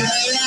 I Yeah.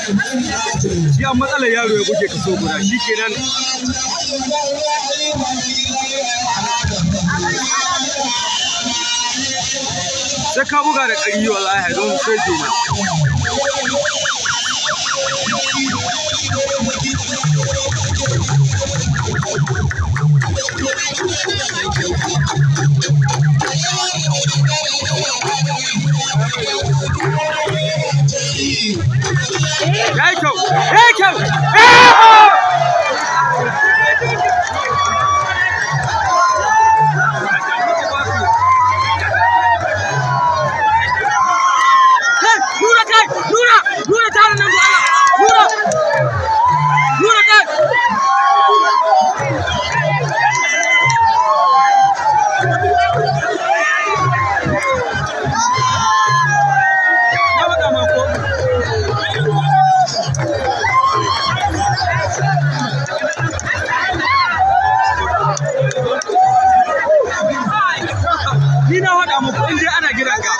shi an matsalar yaro ya buge kaso guda shi kenan sai ka buga da ƙari wallahi don sai kenan Thank you. kyau, ya kyau, ya kyau. get got.